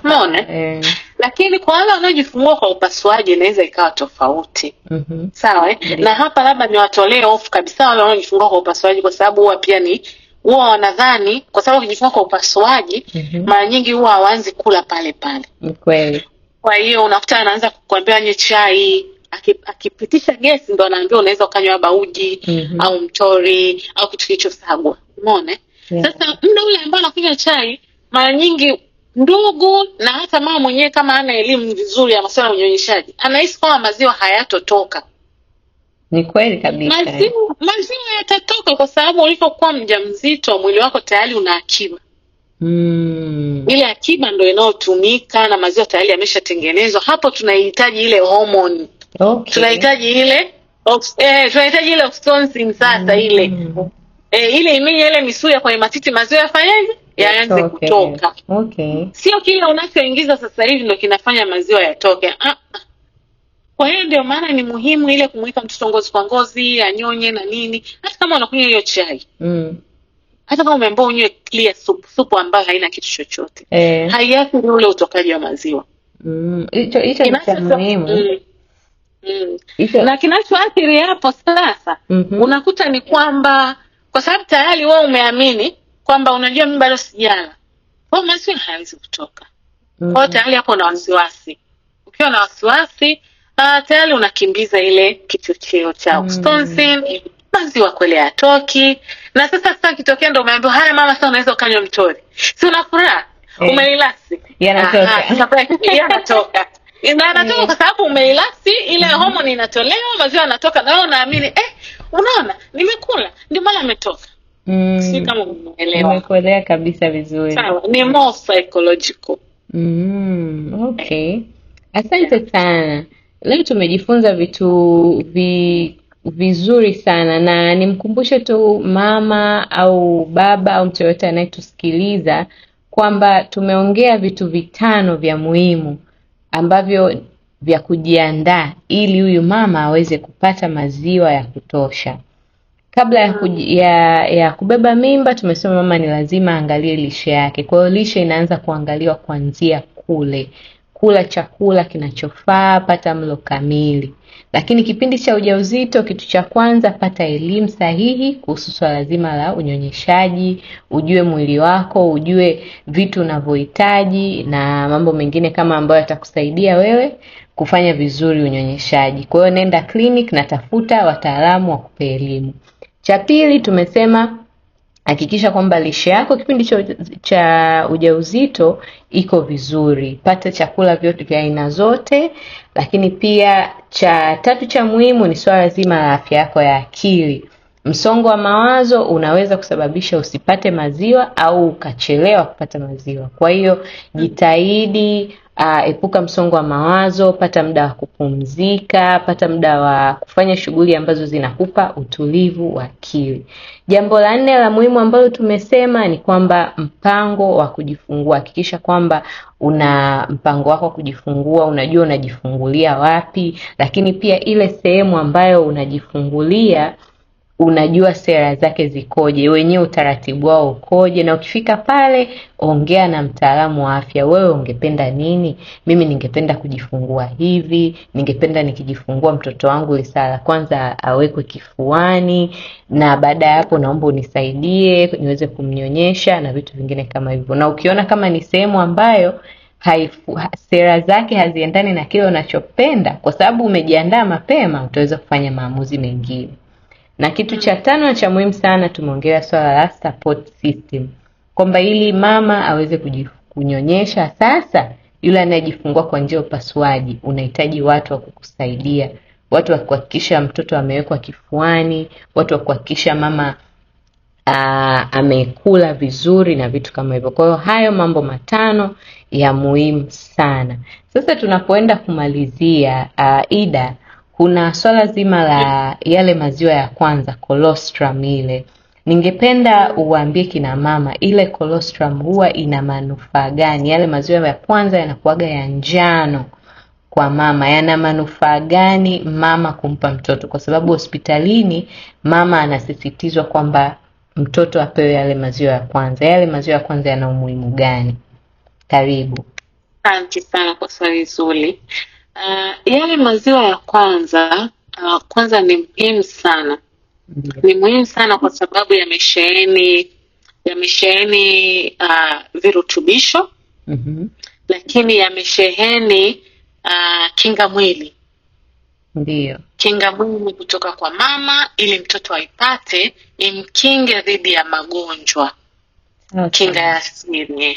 mona eh. Lakini kwa wale wanaojifungua kwa upasuaji inaweza ikawa tofauti. mm -hmm. Sawa eh? Na hapa labda niwatolee hofu kabisa wale wanaojifungua kwa upasuaji, kwa sababu huwa pia ni huwa wanadhani kwa sababu wakijifunza kwa upasuaji mm -hmm. mara nyingi huwa hawanzi kula pale pale kweli. Kwa hiyo unakuta anaanza kukuambia nywe chai, akipitisha aki gesi ndo anaambia unaweza ukanywa labda uji mm -hmm. au mtori au kitu kilichosagwa, umeona yeah. Sasa mda ule ambao anakunywa chai, mara nyingi ndugu na hata mama mwenyewe kama ana elimu vizuri ya masuala ya unyonyeshaji, anahisi kwamba maziwa hayatotoka ni kweli kabisa. Maziwa, mazimu yatatoka kwa sababu ulipokuwa mjamzito mwili wako tayari una akiba mm. Ile akiba ndo inayotumika na maziwa tayari yameshatengenezwa. Hapo tunahitaji ile homoni okay. Tunahitaji ile eh, tunahitaji ile oxytocin sasa mm. ile eh, ile imenye ile misuya kwenye matiti, maziwa yafanyaje? Yaanze okay. kutoka okay. Sio kile unachoingiza sasa hivi ndo kinafanya maziwa yatoke ah, ah. Kwa hiyo ndio maana ni muhimu ile kumweka mtoto ngozi kwa ngozi, anyonye na nini. Hata kama unakunywa hiyo chai mm. hata kama umeambao unywe clear soup, soup ambayo haina kitu chochote eh. haiathiri ule utokaji wa maziwa mm. hicho mm. hicho ni cha muhimu mm. Mm. na kinachoathiri hapo sasa mm -hmm. unakuta ni kwamba kwa sababu tayari wewe umeamini kwamba unajua mimi bado sijala, kwa hiyo maziwa hayawezi kutoka. Kwa hiyo mhm. tayari hapo una wasiwasi. Ukiwa na wasiwasi uh, tayari unakimbiza ile kichocheo cha mm. Wisconsin mm. maziwa kwele yatoki, na sasa sasa kitokea ndo umeambiwa haya mama, sasa unaweza ukanywa mtori, si una furaha eh. umerelaksi yanatoka yanatoka na anatoka Kwa sababu umeilasi ile mm homoni inatolewa, maziwa yanatoka, na wewe unaamini eh, unaona nimekula, ndio maana ametoka. mm. si kama umeelewa? kabisa vizuri. ni more psychological. mm. Okay, asante sana. Leo tumejifunza vitu vi, vizuri sana na nimkumbushe tu mama au baba au mtu yoyote anayetusikiliza kwamba tumeongea vitu vitano vya muhimu ambavyo vya kujiandaa ili huyu mama aweze kupata maziwa ya kutosha. Kabla ya, kuj, ya, ya kubeba mimba tumesema mama ni lazima aangalie lishe yake. Kwa hiyo lishe inaanza kuangaliwa kuanzia kule kula chakula kinachofaa, pata mlo kamili. Lakini kipindi cha ujauzito, kitu cha kwanza, pata elimu sahihi kuhusu swala zima la unyonyeshaji, ujue mwili wako, ujue vitu unavyohitaji na mambo mengine kama ambayo yatakusaidia wewe kufanya vizuri unyonyeshaji. Kwa hiyo nenda clinic na tafuta wataalamu wa kupe elimu. Cha pili tumesema Hakikisha kwamba lishe yako kipindi cha, cha ujauzito iko vizuri, pata chakula vyote vya aina zote. Lakini pia cha tatu cha muhimu ni swala zima la afya yako ya akili. Msongo wa mawazo unaweza kusababisha usipate maziwa au ukachelewa kupata maziwa. Kwa hiyo jitahidi uh, epuka msongo wa mawazo, pata muda wa kupumzika, pata muda wa kufanya shughuli ambazo zinakupa utulivu wa akili. Jambo la nne la muhimu ambalo tumesema ni kwamba mpango wa kujifungua, hakikisha kwamba una mpango wako wa kujifungua, unajua unajifungulia wapi, lakini pia ile sehemu ambayo unajifungulia unajua sera zake zikoje, wenyewe utaratibu wao ukoje, na ukifika pale ongea na mtaalamu wa afya, wewe ungependa nini? Mimi ningependa kujifungua hivi, ningependa nikijifungua mtoto wangu lisaa la kwanza awekwe kifuani, na baada ya hapo naomba unisaidie niweze kumnyonyesha na vitu vingine kama hivyo. Na ukiona kama ni sehemu ambayo haifu, sera zake haziendani na kile unachopenda, kwa sababu umejiandaa mapema, utaweza kufanya maamuzi mengine. Na kitu cha tano na cha muhimu sana tumeongelea swala la support system, kwamba ili mama aweze kunyonyesha sasa, yule anayejifungua kwa njia ya upasuaji, unahitaji watu wa kukusaidia, watu wa kuhakikisha mtoto amewekwa kifuani, watu wa kuhakikisha mama amekula vizuri na vitu kama hivyo. Kwa hiyo hayo mambo matano ya muhimu sana. Sasa tunapoenda kumalizia aa, Ida kuna swala zima la yale maziwa ya kwanza colostrum ile Ningependa uwambie kina mama ile colostrum huwa ina manufaa gani? Yale maziwa ya kwanza yanakuaga ya njano kwa mama, yana manufaa gani mama kumpa mtoto? Kwa sababu hospitalini mama anasisitizwa kwamba mtoto apewe yale maziwa ya kwanza. Yale maziwa ya kwanza yana umuhimu gani? Karibu. Asante sana kwa swali zuri. Uh, yale maziwa ya kwanza uh, kwanza ni muhimu sana mm. ni muhimu sana kwa sababu yamesheheni yamesheheni uh, virutubisho mm -hmm. lakini yamesheheni uh, kinga mwili ndio kinga mwili kutoka kwa mama ili mtoto aipate imkinge dhidi ya magonjwa okay. kinga ya siri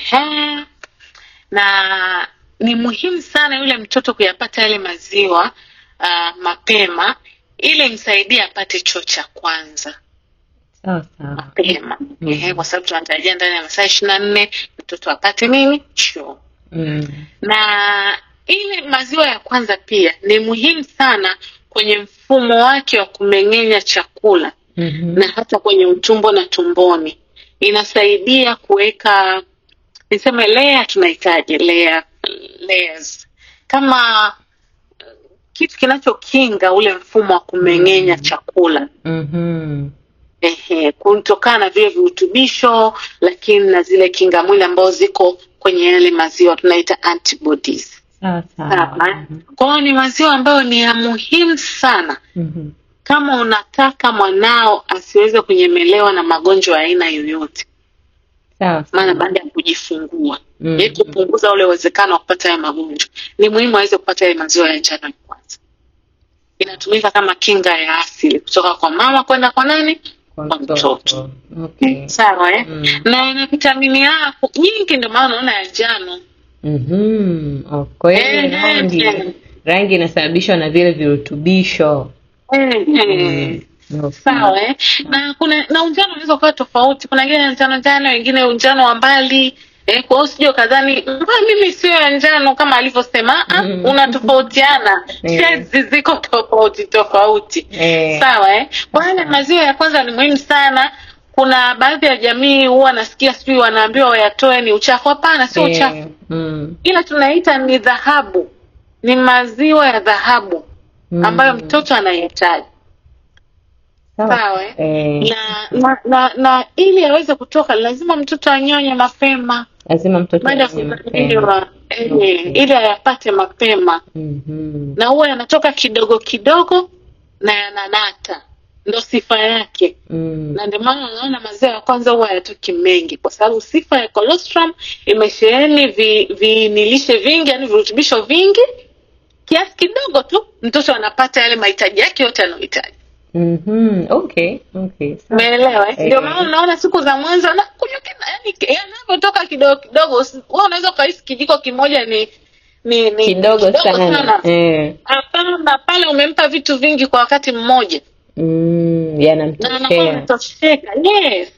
na ni muhimu sana yule mtoto kuyapata yale maziwa uh, mapema ili msaidie apate choo cha kwanza mapema mm. kwa sababu tunatarajia ndani ya masaa ishiri na nne mtoto apate nini choo mm. na ile maziwa ya kwanza pia ni muhimu sana kwenye mfumo wake wa kumeng'enya chakula mm -hmm. na hata kwenye utumbo na tumboni inasaidia kuweka niseme lea tunahitaji lea layers kama uh, kitu kinachokinga ule mfumo wa kumeng'enya mm. chakula mm-hmm. Ehe, kutokana na vile virutubisho lakini na zile kinga mwili ambazo ziko kwenye yale maziwa tunaita antibodies. Sawa. Eh? Mm-hmm. ni maziwa ambayo ni ya muhimu sana mm-hmm. Kama unataka mwanao asiweze kunyemelewa na magonjwa ya aina yoyote maana baada ya kujifungua mm. ili kupunguza ule uwezekano wa kupata ya magonjwa, ni muhimu aweze kupata yale maziwa ya njano kwanza. Inatumika kama kinga ya asili kutoka kwa mama kwenda kwa nani? Kwa mtoto. Okay. Sawa eh? Mm. Na ina vitamini A nyingi, ndio maana unaona ya njano. Mhm. Okay. Oh, eh, eh, eh. Rangi inasababishwa na vile virutubisho. Mm sawa eh? na kuna na unjano unaweza ukawa tofauti. Kuna wengine njano njano, wengine unjano wa mbali eh, kwa hiyo usije ukadhani ah, mimi sio ya njano kama alivyosema. Ah, mm. Unatofautiana eh. ziko tofauti tofauti eh. sawa eh? Kwa hiyo maziwa ya kwanza ni muhimu sana kuna baadhi ya jamii huwa nasikia sijui wanaambiwa wayatoe ni uchafu. Hapana, sio eh. uchafu yeah. mm. ila tunaita ni dhahabu, ni maziwa ya dhahabu mm. ambayo mtoto anahitaji sawa eh. eh. na, na, na, na ili aweze kutoka lazima mtoto anyonye mapema lazima mtoto mapema. E, okay. ili ayapate mapema mm -hmm. na huwa yanatoka kidogo kidogo na yananata ndo sifa yake mm. na ndio maana unaona maziwa ya kwanza huwa hayatoki mengi kwa sababu sifa ya colostrum imesheheni viinilishe vi vingi yani virutubisho vingi kiasi kidogo tu mtoto anapata yale mahitaji yake yote anayohitaji mm Umeelewa? Eh? Ndio eh. maana unaona siku za mwanzo anavyotoka kidogo kidogo. Wewe unaweza ukahisi kijiko kimoja ni ni, ni kidogo, kidogo sana. sana. Eh. Hapana, pale umempa vitu vingi kwa wakati mmoja. Mm, yanamtosheka. Yes.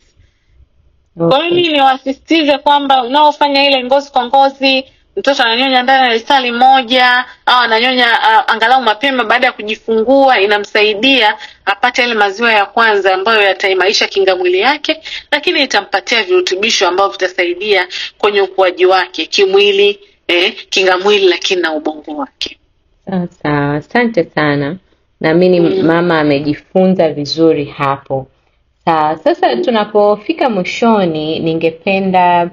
Okay. Kwa hiyo niwasisitize kwamba unaofanya ile ngozi kwa ngozi mtoto ananyonya ndani ya lisali moja au ananyonya uh, angalau mapema baada ya kujifungua, inamsaidia apate yale maziwa ya kwanza ambayo yataimarisha kinga mwili yake, lakini itampatia virutubisho ambavyo vitasaidia kwenye ukuaji wake kimwili, eh, kinga mwili, lakini na ubongo wake. Sawa asante sana. Naamini mm. mama amejifunza vizuri hapo. sasa tunapofika mwishoni, ningependa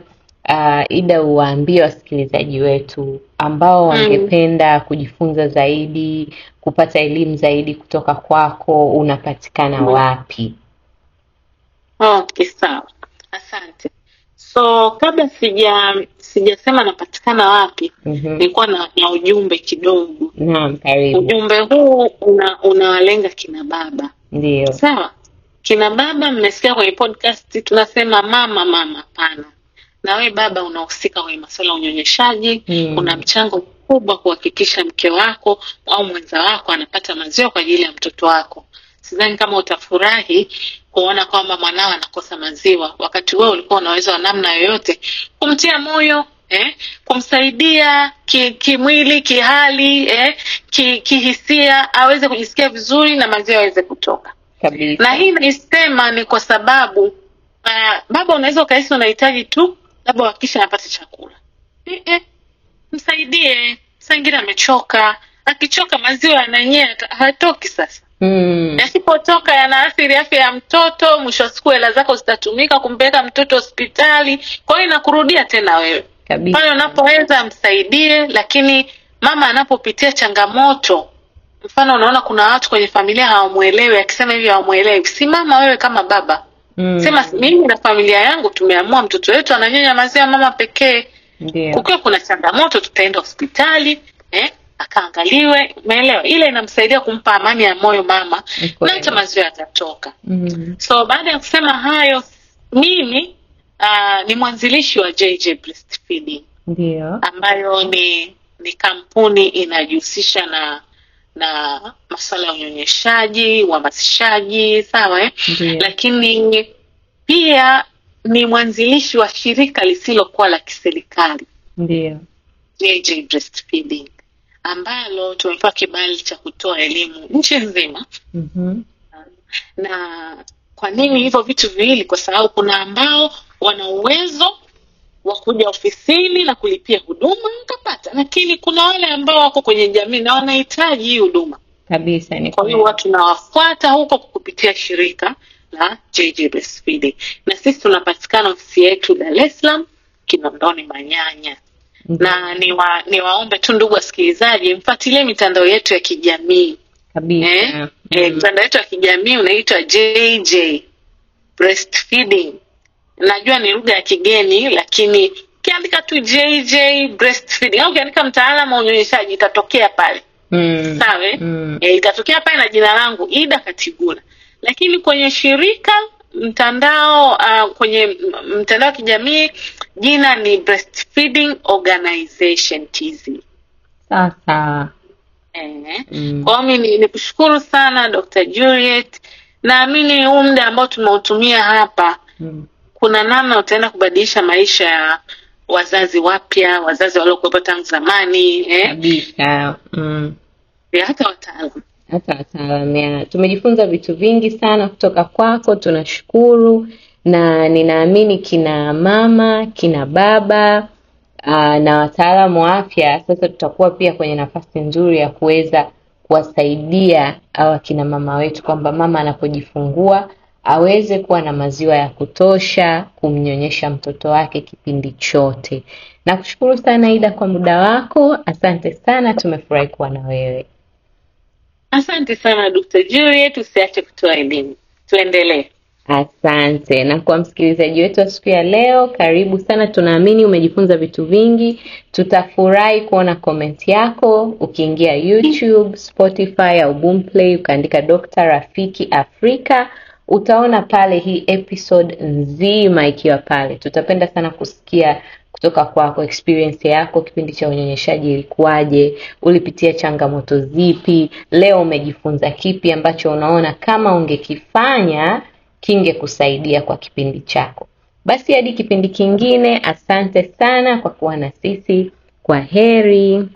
uh, Ida, uwaambie wasikilizaji wetu ambao hmm. wangependa kujifunza zaidi, kupata elimu zaidi kutoka kwako, unapatikana hmm. wapi? Okay, sawa, asante. So kabla sija sijasema napatikana wapi, mm-hmm. nilikuwa na, na ujumbe kidogo. Naam, karibu. Ujumbe huu una unawalenga kina baba, ndio sawa. Kina baba, mmesikia kwenye podcast tunasema mama mama, hapana na we baba unahusika kwenye masuala ya unyonyeshaji mm. Una mchango mkubwa kuhakikisha mke wako au mwenza wako anapata maziwa kwa ajili ya mtoto wako. Sidhani kama utafurahi kuona kwamba mwanao anakosa maziwa, wakati wewe ulikuwa unaweza wa namna yoyote kumtia moyo eh, kumsaidia kimwili, ki kihali eh, kihisia, aweze kujisikia vizuri na maziwa aweze kutoka kabisa. Na hii naisema ni kwa sababu uh, baba unaweza ukahisi unahitaji tu labda uhakikishe anapata chakula e Msaidie, sangira amechoka. Akichoka maziwa yananyea, hatoki sasa mm. Yasipotoka yanaathiri afya ya mtoto. Mwisho wa siku hela zako zitatumika kumpeleka mtoto hospitali, kwa hiyo inakurudia tena wewe. Pale unapoweza msaidie, lakini mama anapopitia changamoto, mfano unaona kuna watu kwenye familia hawamwelewi, akisema hivi hawamwelewi, simama wewe kama baba mm. Sema mimi na familia yangu tumeamua mtoto wetu ananyonya maziwa mama pekee. Kukiwa kuna changamoto tutaenda hospitali eh, akaangaliwe. Umeelewa? Ile inamsaidia kumpa amani ya moyo mama na hata maziwa yatatoka. mm. So baada ya kusema hayo, mimi uh, ni mwanzilishi wa JJ Breastfeeding. ndio ambayo ni ni kampuni inajihusisha na na masuala ya unyonyeshaji, uhamasishaji, sawa eh? Lakini pia ni mwanzilishi wa shirika lisilokuwa la kiserikali AJ Breastfeeding ambalo tumepewa kibali cha kutoa elimu nchi nzima. mm -hmm. Na kwa nini hivyo vitu viwili? Kwa sababu kuna ambao wana uwezo wa kuja ofisini na kulipia huduma nikapata, lakini kuna wale ambao wako kwenye jamii na wanahitaji hii huduma kabisa. Ni kwa hiyo watu nawafuata huko kupitia shirika la JJBSPD na sisi tunapatikana ofisi yetu Dar es Salaam, Kinondoni, Manyanya. Okay. Mm-hmm. Na niwa, niwaombe tu ndugu wasikilizaji, mfuatilie mitandao yetu ya kijamii kabisa. Eh, mm. Eh, mitandao yetu ya kijamii unaitwa JJ Breastfeeding najua ni lugha ya kigeni, lakini ukiandika tu JJ breastfeeding au yaani ukiandika mtaalamu wa unyonyeshaji itatokea pale mm. sawa eh? mm. E, itatokea pale na jina langu Ida Katigula, lakini kwenye shirika mtandao uh, kwenye mtandao wa kijamii jina ni Breastfeeding Organization TZ. Sasa eh, eh, mm. kwa hiyo mimi nikushukuru sana Dr. Juliet, naamini huu muda ambao tumeutumia hapa mm kuna namna utaenda kubadilisha maisha ya wazazi wapya, wazazi waliokuwepo tangu zamani eh? mm. Ya, hata wataalam hata wataalam. Tumejifunza vitu vingi sana kutoka kwako, tunashukuru na ninaamini kina mama kina baba aa, na wataalamu wa afya sasa tutakuwa pia kwenye nafasi nzuri ya kuweza kuwasaidia awa kina mama wetu kwamba mama anapojifungua aweze kuwa na maziwa ya kutosha kumnyonyesha mtoto wake kipindi chote. Nakushukuru sana Ida kwa muda wako, asante sana, tumefurahi kuwa na wewe. Asante sana Dr. Juliet, usiache kutoa elimu, tuendelee. Asante. Na kwa msikilizaji wetu wa siku ya leo, karibu sana. Tunaamini umejifunza vitu vingi. Tutafurahi kuona comment yako ukiingia YouTube, Spotify au Boomplay ukaandika Dr. Rafiki Afrika utaona pale hii episode nzima ikiwa pale. Tutapenda sana kusikia kutoka kwako experience yako, kipindi cha unyonyeshaji ilikuwaje? Ulipitia changamoto zipi? Leo umejifunza kipi ambacho unaona kama ungekifanya kingekusaidia kwa kipindi chako? Basi hadi kipindi kingine, asante sana kwa kuwa na sisi. Kwa heri.